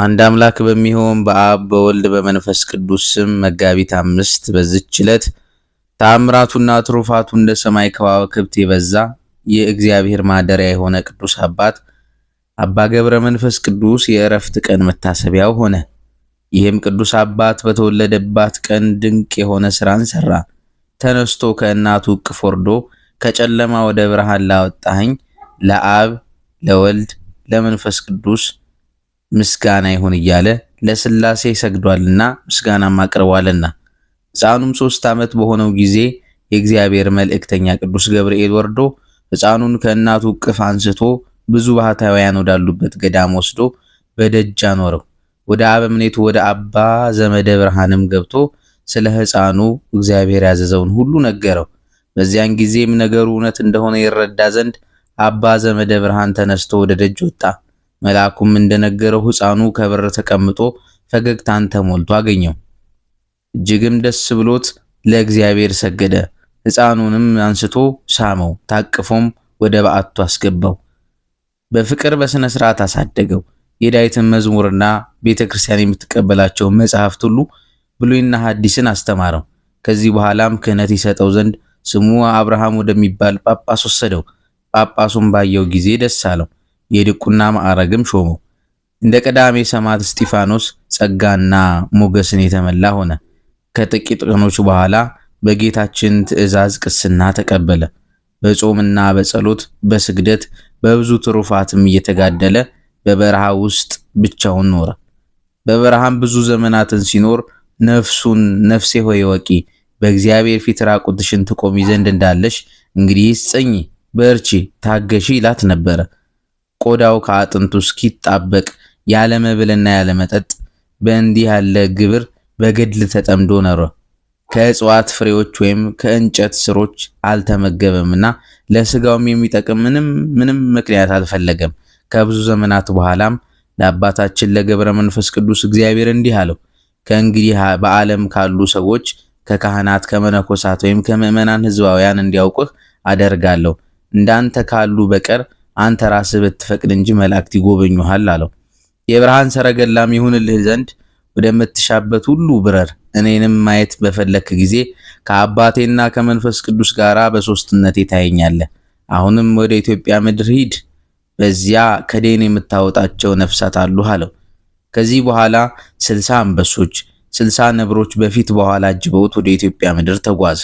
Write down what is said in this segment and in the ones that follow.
አንድ አምላክ በሚሆን በአብ በወልድ በመንፈስ ቅዱስ ስም መጋቢት አምስት በዝች ዕለት ታምራቱና ትሩፋቱ እንደ ሰማይ ከዋክብት የበዛ የእግዚአብሔር ማደሪያ የሆነ ቅዱስ አባት አባ ገብረ መንፈስ ቅዱስ የእረፍት ቀን መታሰቢያው ሆነ። ይህም ቅዱስ አባት በተወለደባት ቀን ድንቅ የሆነ ስራን ሰራ። ተነስቶ ከእናቱ እቅፍ ወርዶ ከጨለማ ወደ ብርሃን ላወጣኸኝ ለአብ ለወልድ ለመንፈስ ቅዱስ ምስጋና ይሁን እያለ ለስላሴ ሰግዷልና ምስጋናም አቅርቧልና። ሕፃኑም ሦስት ዓመት በሆነው ጊዜ የእግዚአብሔር መልእክተኛ ቅዱስ ገብርኤል ወርዶ ሕፃኑን ከእናቱ እቅፍ አንስቶ ብዙ ባህታውያን ወዳሉበት ገዳም ወስዶ በደጅ አኖረው። ወደ አበምኔቱ ወደ አባ ዘመደ ብርሃንም ገብቶ ስለ ሕፃኑ እግዚአብሔር ያዘዘውን ሁሉ ነገረው። በዚያን ጊዜም ነገሩ እውነት እንደሆነ ይረዳ ዘንድ አባ ዘመደ ብርሃን ተነስቶ ወደ ደጅ ወጣ። መልአኩም እንደነገረው ሕፃኑ ከበር ተቀምጦ ፈገግታን ተሞልቶ አገኘው። እጅግም ደስ ብሎት ለእግዚአብሔር ሰገደ። ሕፃኑንም አንስቶ ሳመው፣ ታቅፎም ወደ በዓቱ አስገባው። በፍቅር በሥነ ሥርዓት አሳደገው። የዳዊትን መዝሙርና ቤተ ክርስቲያን የምትቀበላቸው መጽሐፍት ሁሉ ብሉይና ሐዲስን አስተማረው። ከዚህ በኋላም ክህነት ይሰጠው ዘንድ ስሙ አብርሃም ወደሚባል ጳጳስ ወሰደው። ጳጳሱም ባየው ጊዜ ደስ አለው። የድቁና ማዕረግም ሾሙ። እንደ ቀዳሜ ሰማዕት እስጢፋኖስ ጸጋና ሞገስን የተመላ ሆነ። ከጥቂት ቀኖች በኋላ በጌታችን ትእዛዝ ቅስና ተቀበለ። በጾምና በጸሎት በስግደት በብዙ ትሩፋትም እየተጋደለ በበረሃ ውስጥ ብቻውን ኖረ። በበረሃም ብዙ ዘመናትን ሲኖር ነፍሱን ነፍሴ ሆይ ወቂ በእግዚአብሔር ፊት ራቁትሽን ትቆሚ ዘንድ እንዳለሽ እንግዲህ ጽኚ፣ በርቺ፣ ታገሺ ይላት ነበረ። ቆዳው ከአጥንቱ እስኪጣበቅ ያለ መብልና ያለ መጠጥ በእንዲህ ያለ ግብር በገድል ተጠምዶ ኖረ። ከእጽዋት ፍሬዎች ወይም ከእንጨት ስሮች አልተመገበምና ለስጋውም የሚጠቅም ምንም ምንም ምክንያት አልፈለገም። ከብዙ ዘመናት በኋላም ለአባታችን ለገብረ መንፈስ ቅዱስ እግዚአብሔር እንዲህ አለው፣ ከእንግዲህ በዓለም ካሉ ሰዎች ከካህናት ከመነኮሳት ወይም ከምእመናን ሕዝባውያን እንዲያውቁህ አደርጋለሁ። እንዳንተ ካሉ በቀር አንተ ራስህ ብትፈቅድ እንጂ መላእክት ይጎበኙሃል አለው። የብርሃን ሰረገላም ይሁንልህ ዘንድ ወደምትሻበት ሁሉ ብረር። እኔንም ማየት በፈለክ ጊዜ ከአባቴና ከመንፈስ ቅዱስ ጋር በሶስትነቴ ታየኛለህ። አሁንም ወደ ኢትዮጵያ ምድር ሂድ፣ በዚያ ከዴን የምታወጣቸው ነፍሳት አሉ አለው። ከዚህ በኋላ ስልሳ አንበሶች፣ ስልሳ ነብሮች በፊት በኋላ አጅበውት ወደ ኢትዮጵያ ምድር ተጓዘ።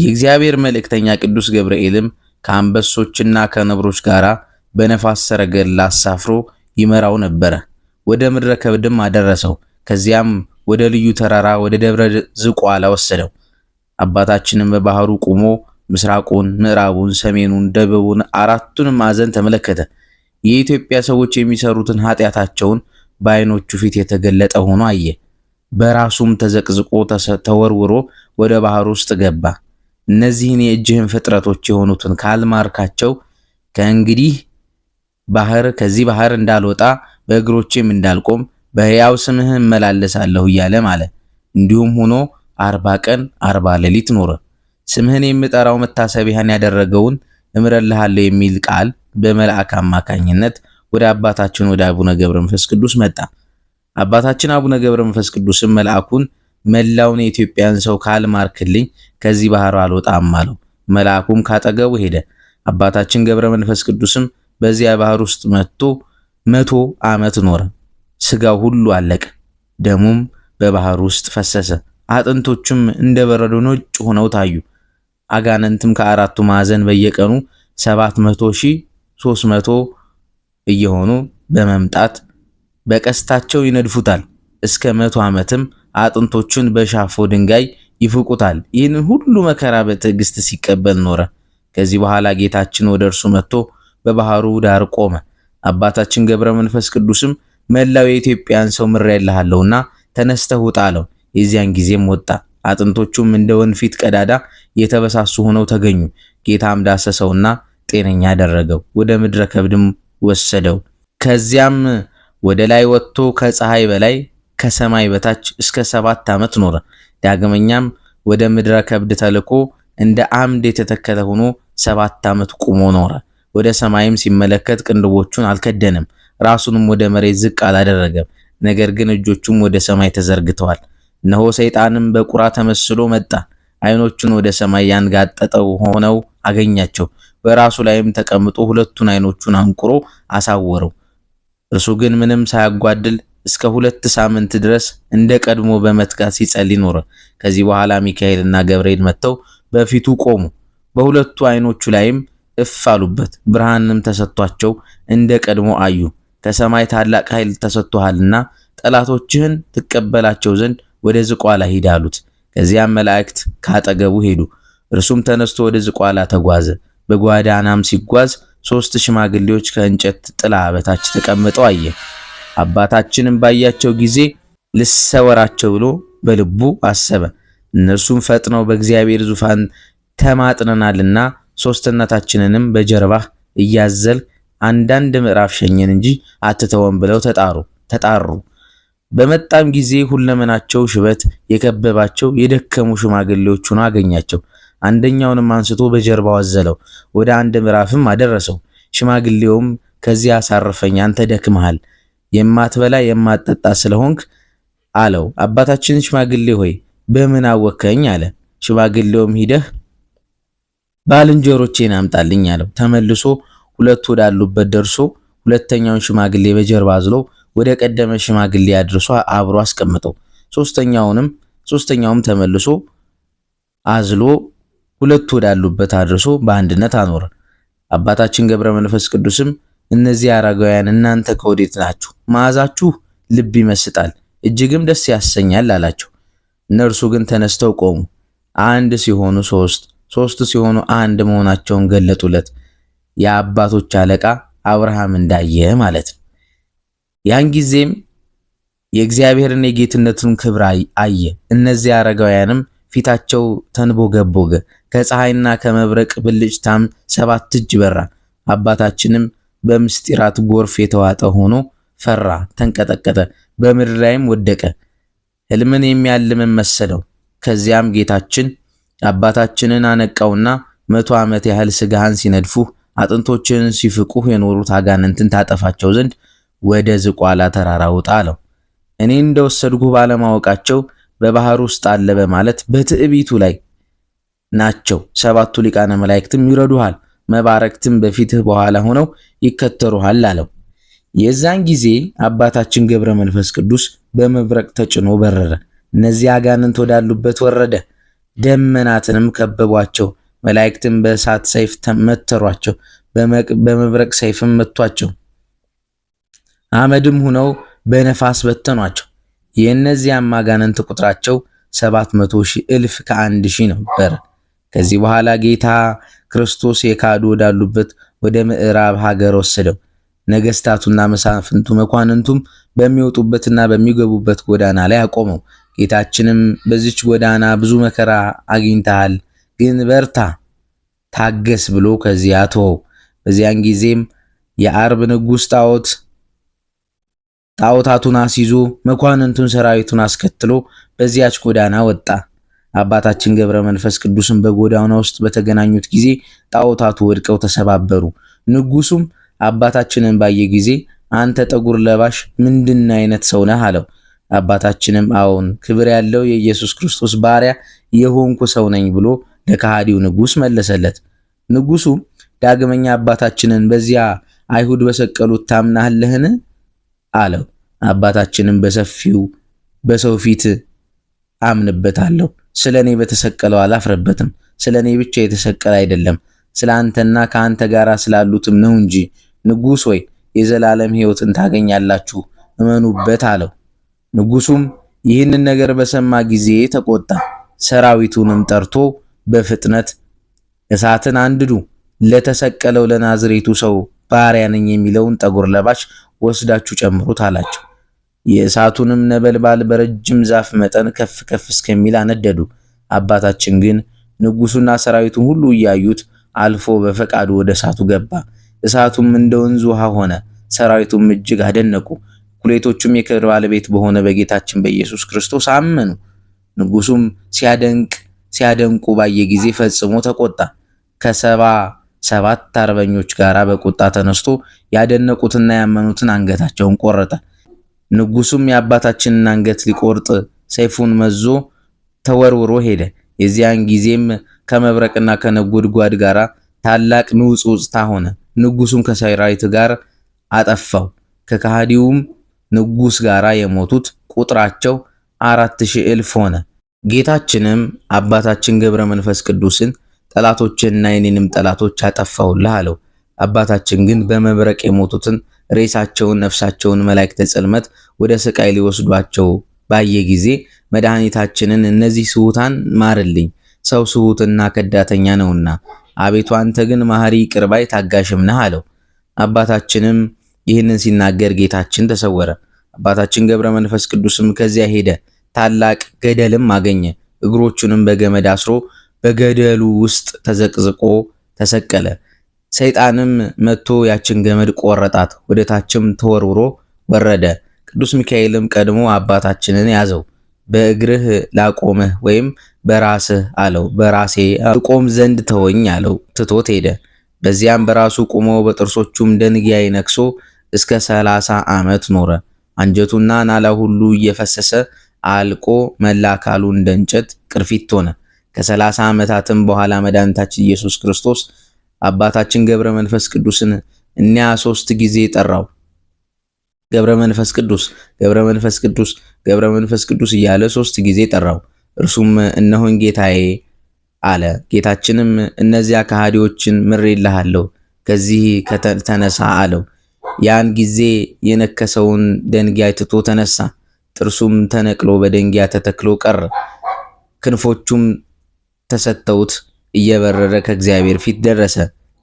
የእግዚአብሔር መልእክተኛ ቅዱስ ገብርኤልም ከአንበሶችና ከነብሮች ጋር በነፋስ ሰረገላ አሳፍሮ ይመራው ነበረ። ወደ ምድረ ከብድም አደረሰው። ከዚያም ወደ ልዩ ተራራ ወደ ደብረ ዝቋላ ወሰደው። አባታችንም በባህሩ ቆሞ ምስራቁን፣ ምዕራቡን፣ ሰሜኑን፣ ደቡቡን አራቱን ማዕዘን ተመለከተ። የኢትዮጵያ ሰዎች የሚሰሩትን ኃጢአታቸውን በዓይኖቹ ፊት የተገለጠ ሆኖ አየ። በራሱም ተዘቅዝቆ ተወርውሮ ወደ ባህር ውስጥ ገባ። እነዚህን የእጅህን ፍጥረቶች የሆኑትን ካልማርካቸው ከእንግዲህ ባህር ከዚህ ባህር እንዳልወጣ በእግሮቼም እንዳልቆም በሕያው ስምህ እመላለሳለሁ እያለ ማለ። እንዲሁም ሆኖ አርባ ቀን አርባ ሌሊት ኖረ። ስምህን የምጠራው መታሰቢያን ያደረገውን እምረልሃለሁ የሚል ቃል በመልአክ አማካኝነት ወደ አባታችን ወደ አቡነ ገብረ መንፈስ ቅዱስ መጣ። አባታችን አቡነ ገብረ መንፈስ ቅዱስም መልአኩን መላውን የኢትዮጵያን ሰው ካልማርክልኝ ከዚህ ባህር አልወጣም አለው። መልአኩም ካጠገቡ ሄደ። አባታችን ገብረ መንፈስ ቅዱስም በዚያ ባህር ውስጥ መጥቶ መቶ ዓመት ኖረ። ስጋው ሁሉ አለቀ፣ ደሙም በባህር ውስጥ ፈሰሰ። አጥንቶቹም እንደ በረዶ ነጭ ሆነው ታዩ። አጋንንትም ከአራቱ ማዕዘን በየቀኑ ሰባት መቶ እየሆኑ በመምጣት በቀስታቸው ይነድፉታል እስከ መቶ ዓመትም አጥንቶቹን በሻፎ ድንጋይ ይፍቁታል። ይህንን ሁሉ መከራ በትዕግስት ሲቀበል ኖረ። ከዚህ በኋላ ጌታችን ወደ እርሱ መጥቶ በባህሩ ዳር ቆመ። አባታችን ገብረ መንፈስ ቅዱስም መላው የኢትዮጵያን ሰው ምሬልሃለሁና ተነስተህ ውጣ አለው። የዚያን ጊዜም ወጣ። አጥንቶቹም እንደ ወንፊት ቀዳዳ የተበሳሱ ሆነው ተገኙ። ጌታም ዳሰሰውና ጤነኛ አደረገው። ወደ ምድረ ከብድም ወሰደው። ከዚያም ወደ ላይ ወጥቶ ከፀሐይ በላይ ከሰማይ በታች እስከ ሰባት ዓመት ኖረ። ዳግመኛም ወደ ምድረ ከብድ ተልኮ እንደ አምድ የተተከለ ሆኖ ሰባት ዓመት ቁሞ ኖረ። ወደ ሰማይም ሲመለከት ቅንድቦቹን አልከደንም፣ ራሱንም ወደ መሬት ዝቅ አላደረገም። ነገር ግን እጆቹም ወደ ሰማይ ተዘርግተዋል። እነሆ ሰይጣንም በቁራ ተመስሎ መጣ። አይኖቹን ወደ ሰማይ ያንጋጠጠው ሆነው አገኛቸው። በራሱ ላይም ተቀምጦ ሁለቱን አይኖቹን አንቁሮ አሳወረው። እርሱ ግን ምንም ሳያጓድል እስከ ሁለት ሳምንት ድረስ እንደ ቀድሞ በመትጋት ሲጸልይ ኖረ። ከዚህ በኋላ ሚካኤልና ገብርኤል መጥተው በፊቱ ቆሙ። በሁለቱ ዓይኖቹ ላይም እፍ አሉበት። ብርሃንም ተሰጥቷቸው እንደ ቀድሞ አዩ። ከሰማይ ታላቅ ኃይል ተሰጥቶሃልና ጠላቶችህን ትቀበላቸው ዘንድ ወደ ዝቋላ ሂድ አሉት። ከዚያም መላእክት ካጠገቡ ሄዱ። እርሱም ተነስቶ ወደ ዝቋላ ተጓዘ። በጓዳናም ሲጓዝ ሶስት ሽማግሌዎች ከእንጨት ጥላ በታች ተቀምጠው አየ። አባታችንም ባያቸው ጊዜ ልሰወራቸው ብሎ በልቡ አሰበ። እነርሱም ፈጥነው በእግዚአብሔር ዙፋን ተማጥነናልና ሶስትነታችንንም በጀርባህ እያዘል አንዳንድ ምዕራፍ ሸኘን እንጂ አትተወን ብለው ተጣሩ ተጣሩ። በመጣም ጊዜ ሁለመናቸው ሽበት የከበባቸው የደከሙ ሽማግሌዎች ሆኖ አገኛቸው። አንደኛውንም አንስቶ በጀርባው አዘለው፣ ወደ አንድ ምዕራፍም አደረሰው። ሽማግሌውም ከዚያ አሳርፈኝ፣ አንተ ደክመሃል የማትበላ የማትጠጣ ስለሆንክ አለው። አባታችን ሽማግሌ ሆይ በምን አወከኝ አለ። ሽማግሌውም ሂደህ ባልንጀሮቼን አምጣልኝ አለው። ተመልሶ ሁለቱ ወዳሉበት ደርሶ ሁለተኛውን ሽማግሌ በጀርባ አዝሎ ወደ ቀደመ ሽማግሌ አድርሶ አብሮ አስቀምጠው። ሶስተኛውንም ሶስተኛውም ተመልሶ አዝሎ ሁለቱ ወዳሉበት አድርሶ በአንድነት አኖረ። አባታችን ገብረ መንፈስ ቅዱስም እነዚህ አረጋውያን እናንተ ከወዴት ናችሁ? መዓዛችሁ ልብ ይመስጣል፣ እጅግም ደስ ያሰኛል አላቸው። እነርሱ ግን ተነስተው ቆሙ። አንድ ሲሆኑ ሶስት፣ ሶስት ሲሆኑ አንድ መሆናቸውን ገለጡለት። የአባቶች አለቃ አብርሃም እንዳየ ማለት ነው። ያን ጊዜም የእግዚአብሔርን የጌትነቱን ክብር አየ። እነዚህ አረጋውያንም ፊታቸው ተንቦገቦገ፣ ከፀሐይና ከመብረቅ ብልጭታም ሰባት እጅ በራ። አባታችንም በምስጢራት ጎርፍ የተዋጠ ሆኖ ፈራ፣ ተንቀጠቀጠ፣ በምድር ላይም ወደቀ። ሕልምን የሚያልምን መሰለው። ከዚያም ጌታችን አባታችንን አነቃውና መቶ ዓመት ያህል ሥጋህን ሲነድፉህ አጥንቶችን ሲፍቁህ የኖሩት አጋንንትን ታጠፋቸው ዘንድ ወደ ዝቋላ ተራራ ውጣ አለው። እኔ እንደወሰድኩ ባለማወቃቸው በባህር ውስጥ አለ በማለት በትዕቢቱ ላይ ናቸው። ሰባቱ ሊቃነ መላእክትም ይረዱሃል። መባረክትም በፊትህ በኋላ ሆነው ይከተሩሃል አለው። የዛን ጊዜ አባታችን ገብረ መንፈስ ቅዱስ በመብረቅ ተጭኖ በረረ። እነዚያ አጋንንት ወዳሉበት ወረደ። ደመናትንም ከበቧቸው። መላእክትም በእሳት ሰይፍ መተሯቸው፣ በመብረቅ ሰይፍም መቷቸው። አመድም ሁነው በነፋስ በተኗቸው። የእነዚያም አጋንንት ቁጥራቸው ሰባት መቶ ሺህ እልፍ ከአንድ ሺህ ነበር። ከዚህ በኋላ ጌታ ክርስቶስ የካዱ ወዳሉበት ወደ ምዕራብ ሀገር ወሰደው። ነገስታቱና መሳፍንቱ መኳንንቱም በሚወጡበትና በሚገቡበት ጎዳና ላይ አቆመው። ጌታችንም በዚች ጎዳና ብዙ መከራ አግኝተሃል፣ ግን በርታ፣ ታገስ ብሎ ከዚያ ተወው። በዚያን ጊዜም የአርብ ንጉሥ ጣዖት ጣዖታቱን አስይዞ መኳንንቱን ሰራዊቱን አስከትሎ በዚያች ጎዳና ወጣ። አባታችን ገብረ መንፈስ ቅዱስም በጎዳና ውስጥ በተገናኙት ጊዜ ጣዖታቱ ወድቀው ተሰባበሩ። ንጉሱም አባታችንን ባየ ጊዜ አንተ ጠጉር ለባሽ ምንድን አይነት ሰው ነህ አለው። አባታችንም አዎን ክብር ያለው የኢየሱስ ክርስቶስ ባሪያ የሆንኩ ሰው ነኝ ብሎ ለከሃዲው ንጉስ መለሰለት። ንጉሱም ዳግመኛ አባታችንን በዚያ አይሁድ በሰቀሉት ታምናለህን አለው። አባታችንም በሰፊው በሰው ፊት አምንበታለሁ ስለ እኔ በተሰቀለው አላፍረበትም። ስለ እኔ ብቻ የተሰቀለ አይደለም፣ ስለ አንተና ከአንተ ጋር ስላሉትም ነው እንጂ ንጉሥ ወይ የዘላለም ሕይወትን ታገኛላችሁ እመኑበት አለው። ንጉሡም ይህንን ነገር በሰማ ጊዜ ተቆጣ። ሰራዊቱንም ጠርቶ በፍጥነት እሳትን አንድዱ፣ ለተሰቀለው ለናዝሬቱ ሰው ባሪያ ነኝ የሚለውን ጠጉር ለባሽ ወስዳችሁ ጨምሩት አላቸው። የእሳቱንም ነበልባል በረጅም ዛፍ መጠን ከፍ ከፍ እስከሚል አነደዱ። አባታችን ግን ንጉሱና ሰራዊቱን ሁሉ እያዩት አልፎ በፈቃዱ ወደ እሳቱ ገባ። እሳቱም እንደ ወንዝ ውሃ ሆነ። ሰራዊቱም እጅግ አደነቁ። እኩሌቶቹም የክብር ባለቤት በሆነ በጌታችን በኢየሱስ ክርስቶስ አመኑ። ንጉሱም ሲያደንቅ ሲያደንቁ ባየ ጊዜ ፈጽሞ ተቆጣ። ከሰባ ሰባት አርበኞች ጋር በቁጣ ተነስቶ ያደነቁትና ያመኑትን አንገታቸውን ቆረጠ። ንጉሱም የአባታችንን አንገት ሊቆርጥ ሰይፉን መዞ ተወርውሮ ሄደ። የዚያን ጊዜም ከመብረቅና ከነጎድጓድ ጋር ታላቅ ንውጽውጽታ ሆነ። ንጉሱም ከሰራዊት ጋር አጠፋው። ከካሃዲውም ንጉስ ጋር የሞቱት ቁጥራቸው አራት ሺህ እልፍ ሆነ። ጌታችንም አባታችን ገብረ መንፈስ ቅዱስን ጠላቶችንና የኔንም ጠላቶች አጠፋውልህ አለው። አባታችን ግን በመብረቅ የሞቱትን ሬሳቸውን ነፍሳቸውን መላእክተ ጽልመት ወደ ስቃይ ሊወስዷቸው ባየ ጊዜ መድኃኒታችንን እነዚህ ስሁታን ማርልኝ፣ ሰው ስሁትና ከዳተኛ ነውና፣ አቤቱ አንተ ግን ማህሪ፣ ቅርባይ፣ ታጋሽም ነህ አለው። አባታችንም ይህንን ሲናገር ጌታችን ተሰወረ። አባታችን ገብረ መንፈስ ቅዱስም ከዚያ ሄደ። ታላቅ ገደልም አገኘ። እግሮቹንም በገመድ አስሮ በገደሉ ውስጥ ተዘቅዝቆ ተሰቀለ። ሰይጣንም መጥቶ ያችን ገመድ ቆረጣት፣ ወደ ታችም ተወርውሮ ወረደ። ቅዱስ ሚካኤልም ቀድሞ አባታችንን ያዘው፣ በእግርህ ላቆምህ ወይም በራስህ አለው። በራሴ እቆም ዘንድ ተወኝ አለው። ትቶት ሄደ። በዚያም በራሱ ቁሞ በጥርሶቹም ደንጊያ ነክሶ እስከ ሰላሳ ዓመት ኖረ። አንጀቱና ናላ ሁሉ እየፈሰሰ አልቆ መላ አካሉ እንደ እንጨት ቅርፊት ሆነ። ከሰላሳ ዓመታትም በኋላ መድኃኒታችን ኢየሱስ ክርስቶስ አባታችን ገብረ መንፈስ ቅዱስን እኒያ ሶስት ጊዜ ጠራው። ገብረ መንፈስ ቅዱስ ገብረ መንፈስ ቅዱስ ገብረ መንፈስ ቅዱስ እያለ ሶስት ጊዜ ጠራው። እርሱም እነሆን ጌታዬ አለ። ጌታችንም እነዚያ ከሃዲዎችን ምሬልሃለሁ፣ ከዚህ ተነሳ አለው። ያን ጊዜ የነከሰውን ደንጊያ ትቶ ተነሳ። ጥርሱም ተነቅሎ በደንጊያ ተተክሎ ቀረ። ክንፎቹም ተሰተውት እየበረረ ከእግዚአብሔር ፊት ደረሰ።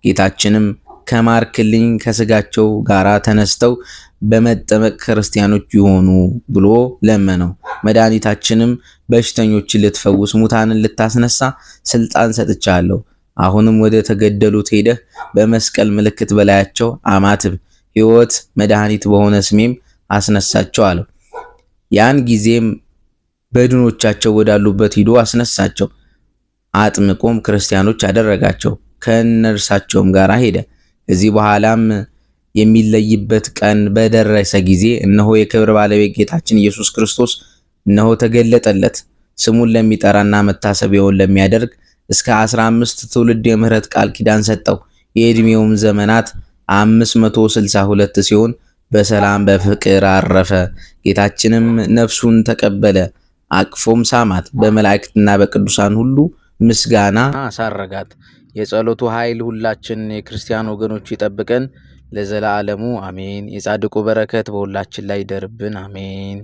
ጌታችንም ከማርክልኝ ከስጋቸው ጋር ተነስተው በመጠመቅ ክርስቲያኖች ይሆኑ ብሎ ለመነው። መድኃኒታችንም በሽተኞችን ልትፈውስ ሙታንን ልታስነሳ ስልጣን ሰጥቻለሁ፣ አሁንም ወደ ተገደሉት ሄደህ በመስቀል ምልክት በላያቸው አማትብ ሕይወት መድኃኒት በሆነ ስሜም አስነሳቸው አለው። ያን ጊዜም በድኖቻቸው ወዳሉበት ሂዶ አስነሳቸው። አጥምቆም ክርስቲያኖች አደረጋቸው፣ ከእነርሳቸውም ጋር ሄደ። ከዚህ በኋላም የሚለይበት ቀን በደረሰ ጊዜ እነሆ የክብር ባለቤት ጌታችን ኢየሱስ ክርስቶስ እነሆ ተገለጠለት። ስሙን ለሚጠራና መታሰቢያውን ለሚያደርግ እስከ 15 ትውልድ የምህረት ቃል ኪዳን ሰጠው። የዕድሜውም ዘመናት 562 ሲሆን በሰላም በፍቅር አረፈ። ጌታችንም ነፍሱን ተቀበለ፣ አቅፎም ሳማት። በመላእክትና በቅዱሳን ሁሉ ምስጋና አሳረጋት። የጸሎቱ ኃይል ሁላችን የክርስቲያን ወገኖች ይጠብቀን ለዘላለሙ አሜን። የጻድቁ በረከት በሁላችን ላይ ይደርብን አሜን።